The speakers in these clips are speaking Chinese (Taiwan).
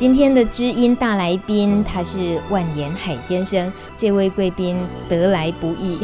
今天的知音大來賓，他是萬延海先生。這位貴賓得來不易，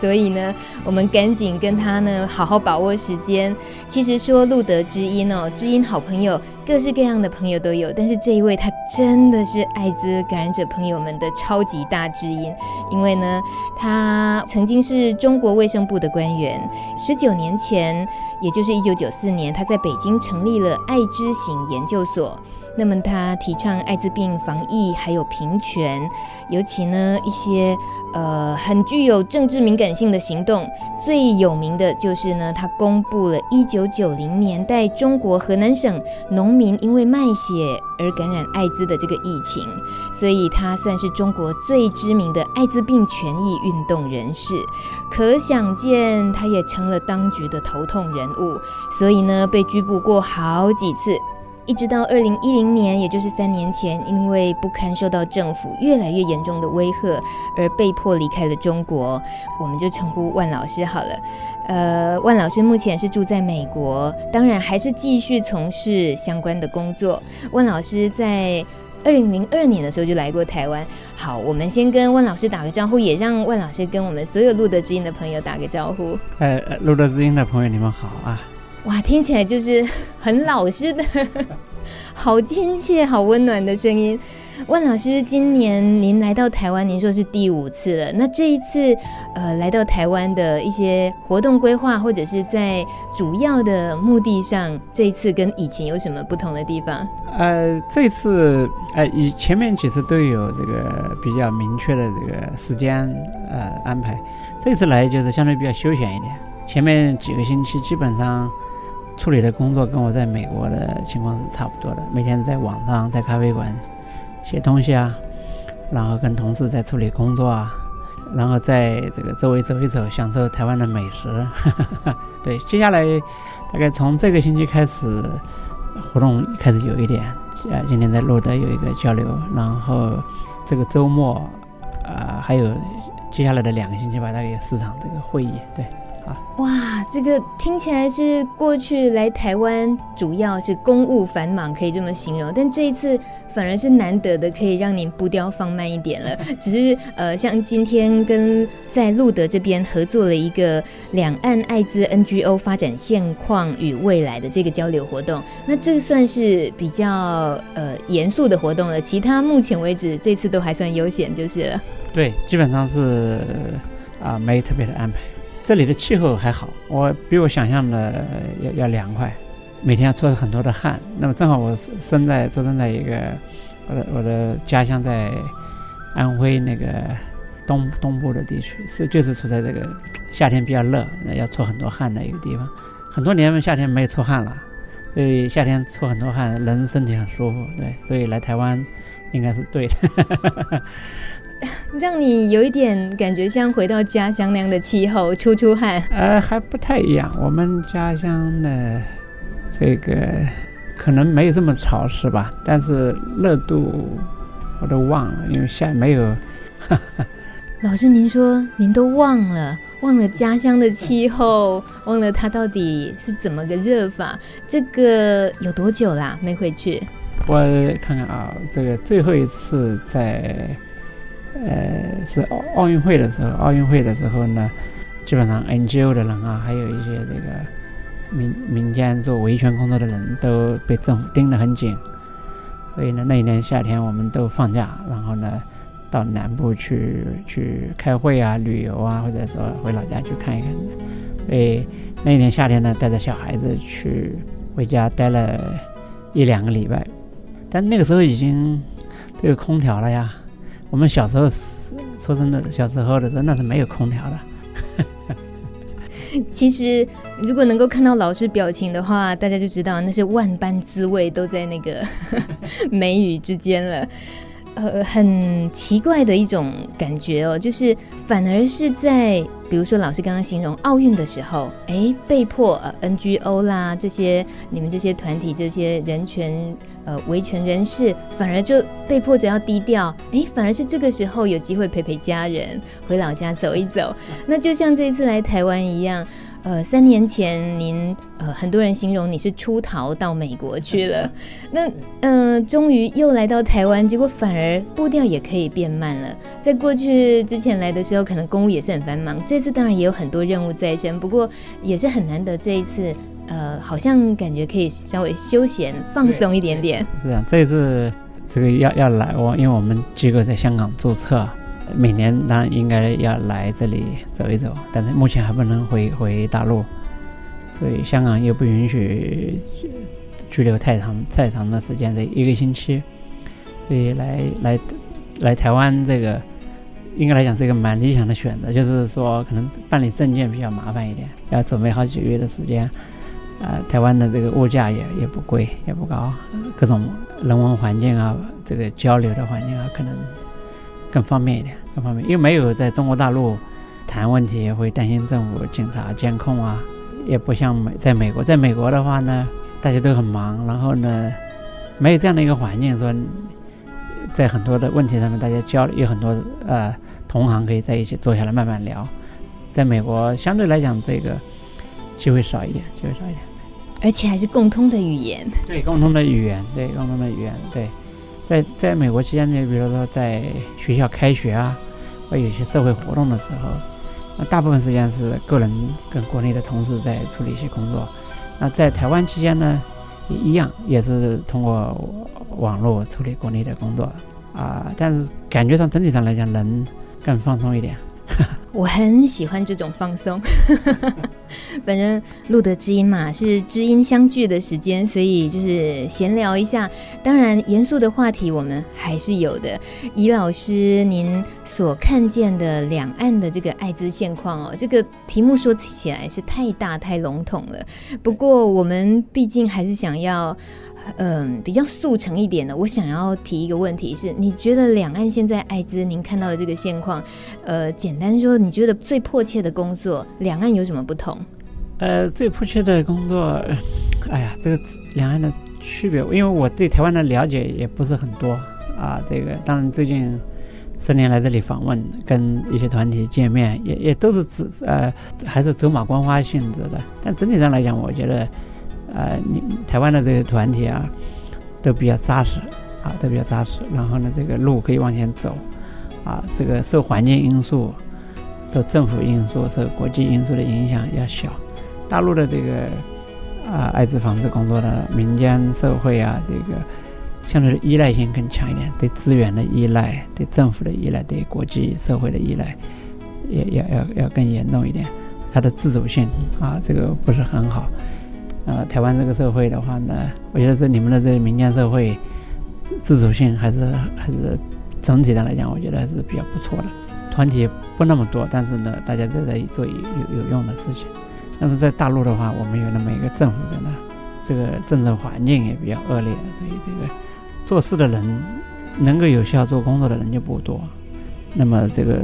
所以呢，我們趕緊跟他呢好好把握時間。其實說露德知音哦，知音好朋友，各式各樣的朋友都有，但是這一位他真的是艾滋感染者朋友們的超級大知音，因為呢，他曾經是中國衛生部的官員。十九年前，也就是一九九四年，他在北京成立了愛知行研究所。那麼他提倡艾滋病防疫，還有平權，尤其呢一些呃很具有政治敏感性的行動，最有名的就是呢他公布了一九九零年代中國河南省農民因為賣血而感染艾滋的這個疫情，所以他算是中國最知名的艾滋病權益運動人士。可想見，他也成了當局的頭痛人物，所以呢被拘捕過好幾次。一直到二零一零年，也就是三年前，因為不堪受到政府越來越嚴重的威嚇，而被迫離開了中國。我們就稱呼萬老師好了。呃，萬老師目前是住在美國，當然還是繼續從事相關的工作。萬老師在二零零二年的時候就來過台灣。好，我們先跟萬老師打個招呼，也讓萬老師跟我們所有露德知音的朋友打個招呼。呃、哎，露德知音的朋友，你們好啊。哇，聽起來就是很老實的，好親切、好溫暖的聲音。萬老師，今年您來到台灣，您說是第五次了。那這一次，呃，來到台灣的一些活動規劃，或者是在主要的目的上，這一次跟以前有什麼不同的地方？呃，這次，呃，以前面幾次都有這個比較明確的這個時間，呃，安排。這次來就是相對比較休閒一點。前面幾個星期基本上。處理的工作跟我在美國的情況是差不多的，每天在網上、在咖啡館寫東西啊，然後跟同事在處理工作啊，然後在這個周圍走一走，享受台灣的美食。 對，接下來大概從這個星期開始，活動開始有一點。啊，今天在露德有一個交流，然後這個周末，啊、呃，還有接下來的兩個星期吧，大概有四場這個會議。對。哇，這個聽起來是過去來台灣主要是公務繁忙，可以這麼形容。但這一次反而是難得的，可以讓您步調放慢一點了。只是呃，像今天跟在路德這邊合作了一個兩岸艾滋 NGO 發展現況與未來的這個交流活動，那這個算是比較呃嚴肅的活動了。其他目前為止，這次都還算悠閒，就是。對，基本上是啊、呃，沒有特別的安排。這裡的氣候還好，我比我想象的要要涼快，每天要出很多的汗。那麼正好我生在、出生在一個，我的我的家鄉在安徽那個東東部的地區，是就是處在這個夏天比較熱，要出很多汗的一個地方。很多年夏天沒有出汗了，所以夏天出很多汗，人身體很舒服。對，所以來台灣應該是對的。 讓你有一點感覺像回到家鄉那樣的氣候出出汗，呃，還不太一樣。我們家鄉的這個可能沒有這麼潮濕吧，但是熱度我都忘了，因為現在沒有。呵呵，老師，您說您都忘了，忘了家鄉的氣候，忘了它到底是怎麼個熱法？這個有多久啦，啊？沒回去？我看看啊，這個最後一次在。呃，是奧奧運會的時候，奧運會的時候呢，基本上 NGO 的人啊，還有一些這個民民間做維權工作的人都被政府盯得很緊，所以呢，那一年夏天我們都放假，然後呢，到南部去去開會啊、旅遊啊，或者說回老家去看一看。所以那一年夏天呢，帶着小孩子去回家待了一兩個禮拜，但那個時候已經都有空調了呀。我們小時候，出生的小時候的時候，那是沒有空調的。 其實，如果能夠看到老師表情的話，大家就知道那些萬般滋味都在那個眉宇 之間了。呃，很奇怪的一種感覺哦，就是反而是在，比如說老師剛剛形容奧運的時候，誒，被迫呃 NGO 啦這些，你們這些團體這些人權。呃，維權人士反而就被迫着要低調，誒、欸，反而是這個時候有機會陪陪家人，回老家走一走。那就像這一次來台灣一樣，呃，三年前您，呃，很多人形容你是出逃到美國去了， 那嗯、呃，終於又來到台灣，結果反而步調也可以變慢了。在過去之前來的時候，可能公務也是很繁忙，這次當然也有很多任務在身，不過也是很難得這一次。呃，好像感覺可以稍微休閒放鬆一點點。是啊，這次這個要要來我，因為我們機構在香港註冊，每年當然應該要來這裡走一走，但是目前還不能回回大陸，所以香港又不允許拘留太長太長的時間，這一個星期，所以來來來台灣這個，應該來講是一個蠻理想的選擇，就是說可能辦理證件比較麻煩一點，要準備好幾個月的時間。呃，台灣的這個物價也也不貴，也不高，各種人文環境啊，這個交流的環境啊，可能更方便一點，更方便，因為沒有在中國大陸談問題會擔心政府、警察、監控啊，也不像美，在美國，在美國的話呢，大家都很忙，然後呢，沒有這樣的一個環境，說在很多的問題上面大家交有很多呃同行可以在一起坐下來慢慢聊，在美國相對來講，這個機會少一點，機會少一點。而且還是共通的語言，對，共通的語言，對，共通的語言，對，在在美國期間，就比如說在學校開學啊，或者有些社會活動的時候，那大部分時間是個人跟國內的同事在處理一些工作。那在台灣期間呢，也一樣也是通過網絡處理國內的工作啊，呃，但是感覺上整體上來講，能更放鬆一點。我很喜歡這種放鬆，反正露德知音嘛，是知音相聚的時間，所以就是閒聊一下。當然，嚴肅的話題我們還是有的。萬老師，您所看見的兩岸的這個艾滋現況哦，這個題目說起起來是太大太籠統了。不過，我們畢竟還是想要。嗯，比較速成一點的，我想要提一個問題是，是你覺得兩岸現在艾滋，您看到的這個現況，呃，簡單說，你覺得最迫切的工作，兩岸有什麼不同？呃，最迫切的工作，哎呀，這個兩岸的區別，因為我對台灣的了解也不是很多啊。這個當然最近十年來這裡訪問，跟一些團體見面，也也都是指呃，還是走馬觀花性質的。但整體上來講，我覺得。呃，你台灣的這個團體啊，都比較紮實啊，都比較紮實。然後呢，這個路可以往前走啊，這個受環境因素、受政府因素、受國際因素的影響要小。大陸的這個啊，艾滋防治工作的民間社會啊，這個相對的依賴性更強一點，對資源的依賴、對政府的依賴、對國際社會的依賴，也要要要更嚴重一點，它的自主性啊，這個不是很好。呃，台灣這個社會的話呢，我覺得是你們的這個民間社會，自主性還是還是整體的來講，我覺得還是比較不錯的。團體不那麼多，但是呢，大家都在做有有用的事情。那麼在大陸的話，我們有那麼一個政府在那，這個政治環境也比較惡劣，所以這個做事的人能夠有效做工作的人就不多。那麼這個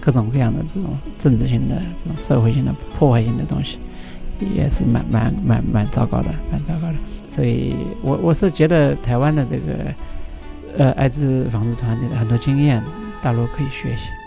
各種各樣的這種政治性的、這種社會性的破壞性的東西。也是蠻蠻蠻蠻糟糕的，蠻糟糕的。所以我，我我是覺得台灣的這個，呃，艾滋防治團隊的很多經驗，大陸可以學習。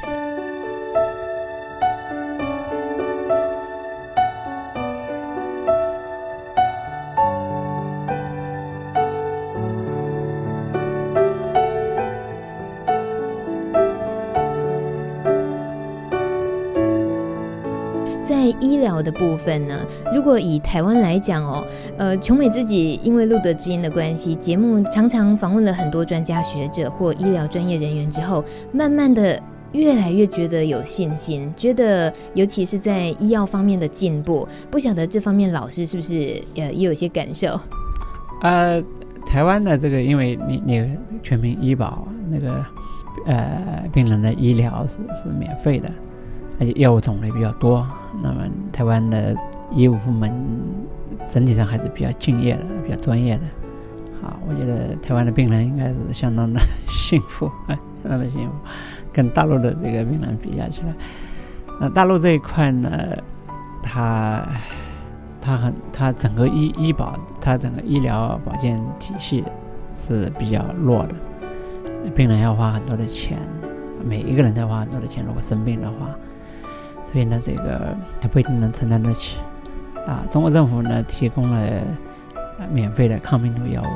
份呢？如果以台灣來講哦，呃，瓊美自己因為《露德知音》的關係，節目常常訪問了很多專家學者或醫療專業人員之後，慢慢的越來越覺得有信心，覺得尤其是在醫藥方面的進步，不曉得這方面老師是不是呃也有一些感受？呃，台灣的這個，因為你你全民醫保，那個呃，病人的醫療是是免費的。而且藥物種類比較多，那麼台灣的醫務部門整體上還是比較敬業的，比較專業的。好，我覺得台灣的病人應該是相當的幸福，相當的幸福，跟大陸的這個病人比較起來。那大陸這一塊呢，它它很，它整個醫醫保，它整個醫療保健體系是比較弱的，病人要花很多的錢，每一個人都要花很多的錢，如果生病的話。所以呢，這個他不一定能承擔得起啊。中國政府呢，提供了免費的抗病毒藥物，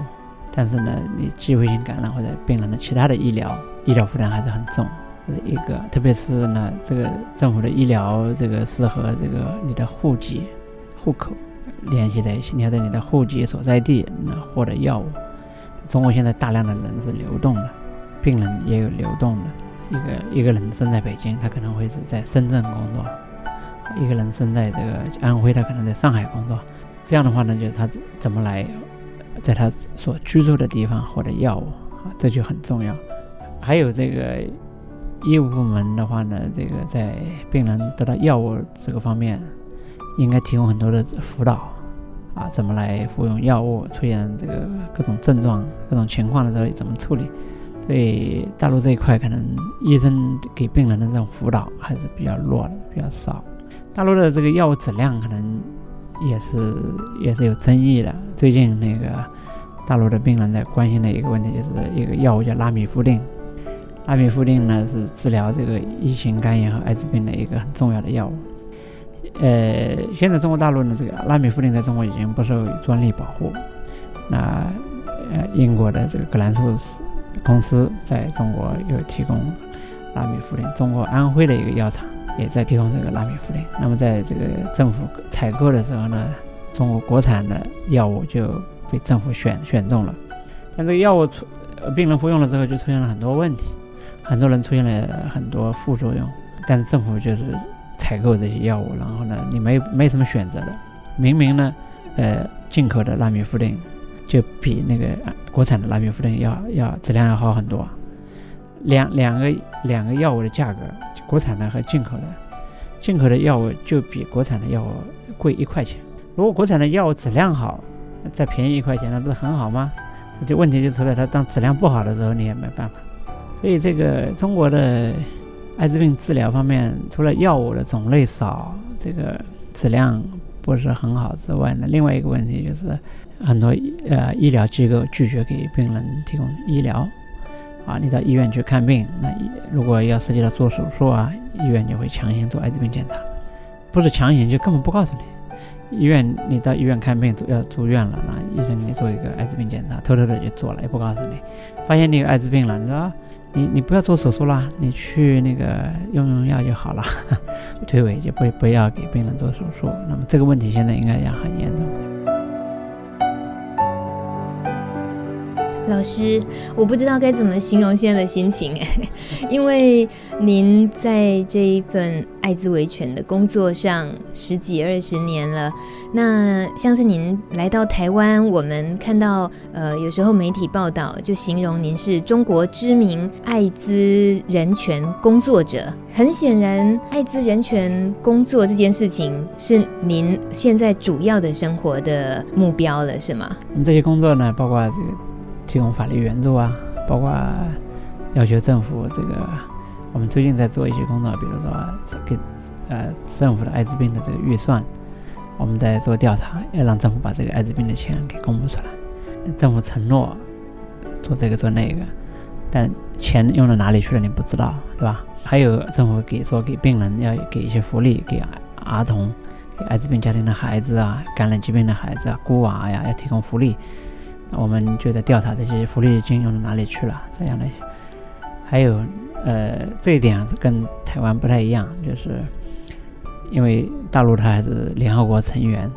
但是呢，你機會性感染或者病人的其他的醫療醫療負擔還是很重。這是一個，特別是呢，這個政府的醫療這個是和這個你的戶籍、戶口聯繫在一起，你要在你的戶籍所在地能獲得藥物。中國現在大量的人是流動的，病人也有流動的。一個一個人生在北京，他可能會是在深圳工作；一個人生在這個安徽，他可能在上海工作。這樣的話呢，就是、他怎麼來在他所居住的地方獲得藥物，啊、這就很重要。還有這個醫務部門的話呢，這個在病人得到藥物這個方面，應該提供很多的輔導啊，怎麼來服用藥物，出現這個各種症狀、各種情況的時候怎麼處理。所以大陸這一塊可能醫生給病人的這種輔導還是比較弱的，比較少。大陸的這個藥物質量可能也是也是有爭議的。最近那個大陸的病人在關心的一個問題，就是一個藥物叫拉米夫定。拉米夫定呢是治療這個乙型肝炎和艾滋病的一個很重要的藥物。呃，現在中國大陸呢，這個拉米夫定在中國已經不受專利保護。那呃英國的這個葛蘭素史。公司在中國有提供拉米夫定，中國安徽的一個藥廠也在提供這個拉米夫定。那麼在這個政府採購的時候呢，中國國產的藥物就被政府選選中了。但這個藥物出，病人服用了之後就出現了很多問題，很多人出現了很多副作用。但是政府就是採購這些藥物，然後呢，你沒沒什麼選擇的。明明呢，呃，進口的拉米夫定。就比那個國產的拉米夫定藥要要質量要好很多，兩兩個兩個藥物的價格，國產的和進口的，進口的藥物就比國產的藥物貴一塊錢。如果國產的藥物質量好，再便宜一塊錢，那不是很好嗎？就問題就出在它當質量不好的時候，你也沒辦法。所以這個中國的艾滋病治療方面，除了藥物的種類少，這個質量。不是很好之外，呢，另外一個問題就是，很多呃醫療機構拒絕給病人提供醫療，啊，你到醫院去看病，那如果要涉及到做手術啊，醫院就會強行做艾滋病檢查，不是強行就根本不告訴你。醫院你到醫院看病要住院了，那醫生給你做一個艾滋病檢查，偷偷的就做了，也不告訴你，發現你有艾滋病了，你知道？你你不要做手術啦，你去那個用用藥就好了，推諉，就不不要給病人做手術。那麼這個問題現在應該也很嚴重。老師，我不知道該怎麼形容現在的心情哎，因為您在這一份艾滋維權的工作上十幾二十年了，那像是您來到台灣，我們看到呃有時候媒體報道就形容您是中國知名艾滋人權工作者。很顯然，艾滋人權工作這件事情是您現在主要的生活的目標了，是嗎？你這些工作呢，包括這個。提供法律援助啊，包括要求政府這個，我們最近在做一些工作，比如說給呃政府的艾滋病的這個預算，我們在做調查，要讓政府把這個艾滋病的錢給公布出來。政府承諾做這個做那個，但錢用到哪裡去了你不知道，對吧？還有政府給說給病人要給一些福利，給兒童，給艾滋病家庭的孩子啊，感染疾病的孩子啊，孤兒、啊、呀，要提供福利。我們就在調查這些福利金用到哪裡去了，這樣的。還有，呃，這一點是跟台灣不太一樣，就是因為大陸它還是聯合國成員，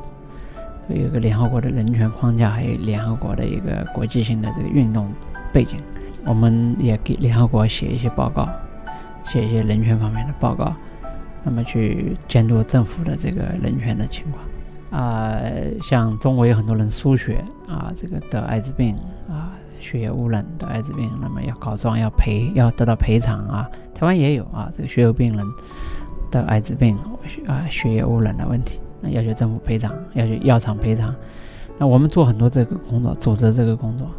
有一個聯合國的人權框架，還有聯合國的一個國際性的這個運動背景。我們也給聯合國寫一些報告，寫一些人權方面的報告，那麼去監督政府的這個人權的情況。啊、呃，像中國有很多人輸血啊，這個得艾滋病啊，血液污染得艾滋病，那麼要告狀，要賠，要得到賠償啊。台灣也有啊，這個血友病人得艾滋病啊，血液污染的問題，那要求政府賠償，要求藥廠賠償。那我們做很多這個工作，組織這個工作，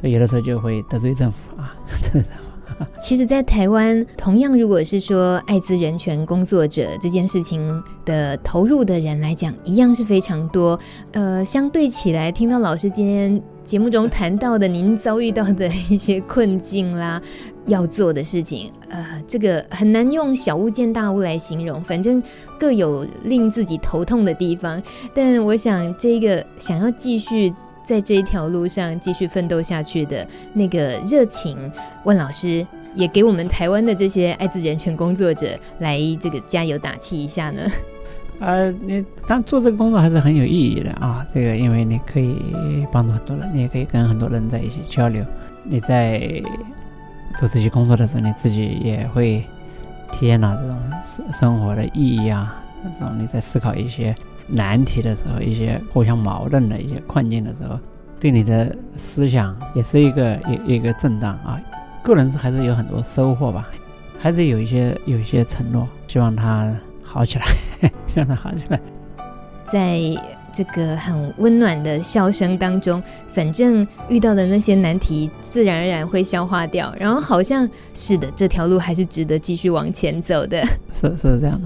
所以有的時候就會得罪政府啊。呵呵呵其實，在台灣，同樣如果是說艾滋人權工作者這件事情的投入的人來講，一樣是非常多。呃，相對起來，聽到老師今天節目中談到的您遭遇到的一些困境啦，要做的事情，呃，這個很難用小巫見大巫來形容。反正各有令自己頭痛的地方，但我想這個想要繼續。在這一條路上繼續奮鬥下去的那個熱情，萬老師也給我們台灣的這些愛滋人權工作者來這個加油打氣一下呢。呃，你當做這個工作還是很有意義的啊。這個因為你可以幫助很多人，你也可以跟很多人在一起交流。你在做這些工作的時候，你自己也會體驗到啊，這種生生活的意義啊。這種你在思考一些。難題的時候，一些互相矛盾的一些困境的時候，對你的思想也是一個一一個震盪啊。個人是還是有很多收穫吧，還是有一些有一些承諾，希望他好起來，希望他好起來。在。這個很溫暖的笑聲當中，反正遇到的那些難題自然而然會消化掉，然後好像是的，這條路還是值得繼續往前走的，是是這樣的。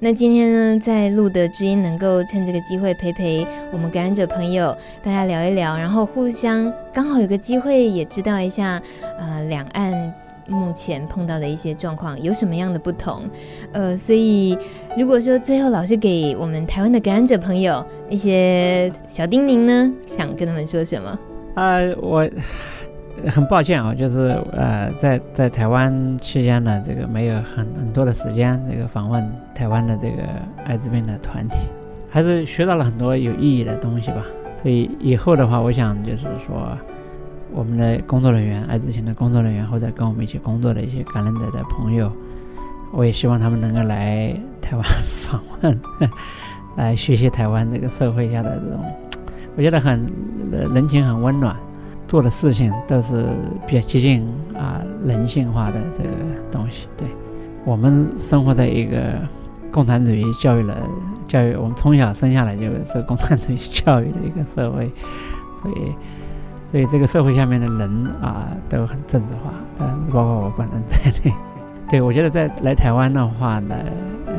那今天呢，在露德知音能夠趁這個機會陪陪我們感染者朋友，大家聊一聊，然後互相剛好有個機會也知道一下，呃，兩岸，目前碰到的一些狀況有什麼樣的不同？呃，所以如果說最後老師給我們台灣的感染者朋友一些小叮嚀呢，想跟他們說什麼？啊、呃，我很抱歉啊、哦，就是呃，在在台灣期間呢，這個沒有很很多的時間，這個訪問台灣的這個艾滋病的團體，還是學到了很多有意義的東西吧。所以以後的話，我想就是說。我們的工作人員，愛知行的工作人員，或者跟我們一起工作的一些感染者的朋友，我也希望他們能夠來台灣訪問，來學習台灣這個社會下的這種，我覺得很人情很溫暖，做的事情都是比較接近啊人性化的這個東西。對。我們生活在一個共產主義教育的教育，我們從小生下來就是共產主義教育的一個社會，所以。所以這個社會下面的人啊都很政治化，但包括我本人在內。對，我覺得在來台灣的話呢，呃，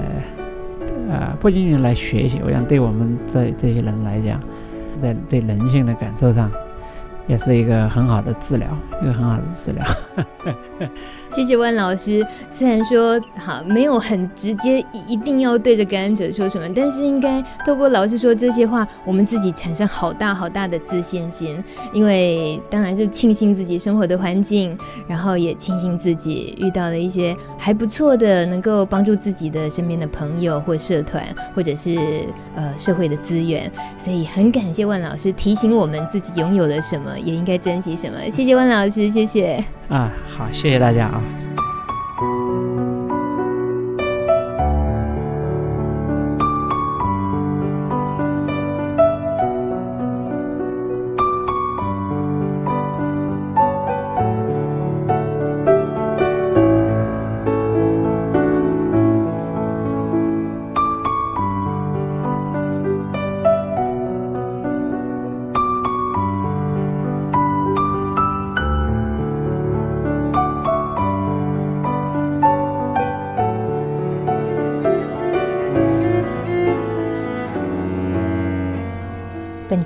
啊、呃、不僅僅來學習，我想對我們這這些人來講，在對人性的感受上，也是一個很好的治療，一個很好的治療。 謝謝萬老師。雖然說好沒有很直接一定要對着感染者說什麼，但是應該透過老師說這些話，我們自己產生好大好大的自信心。因為當然是慶幸自己生活的環境，然後也慶幸自己遇到了一些還不錯的能夠幫助自己的身邊的朋友或社團，或者是呃社會的資源。所以很感謝萬老師提醒我們自己擁有了什麼，也應該珍惜什麼。謝謝萬老師，謝謝。啊、嗯，好，謝謝大家啊。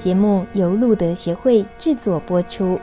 節目由露德協會制作播出。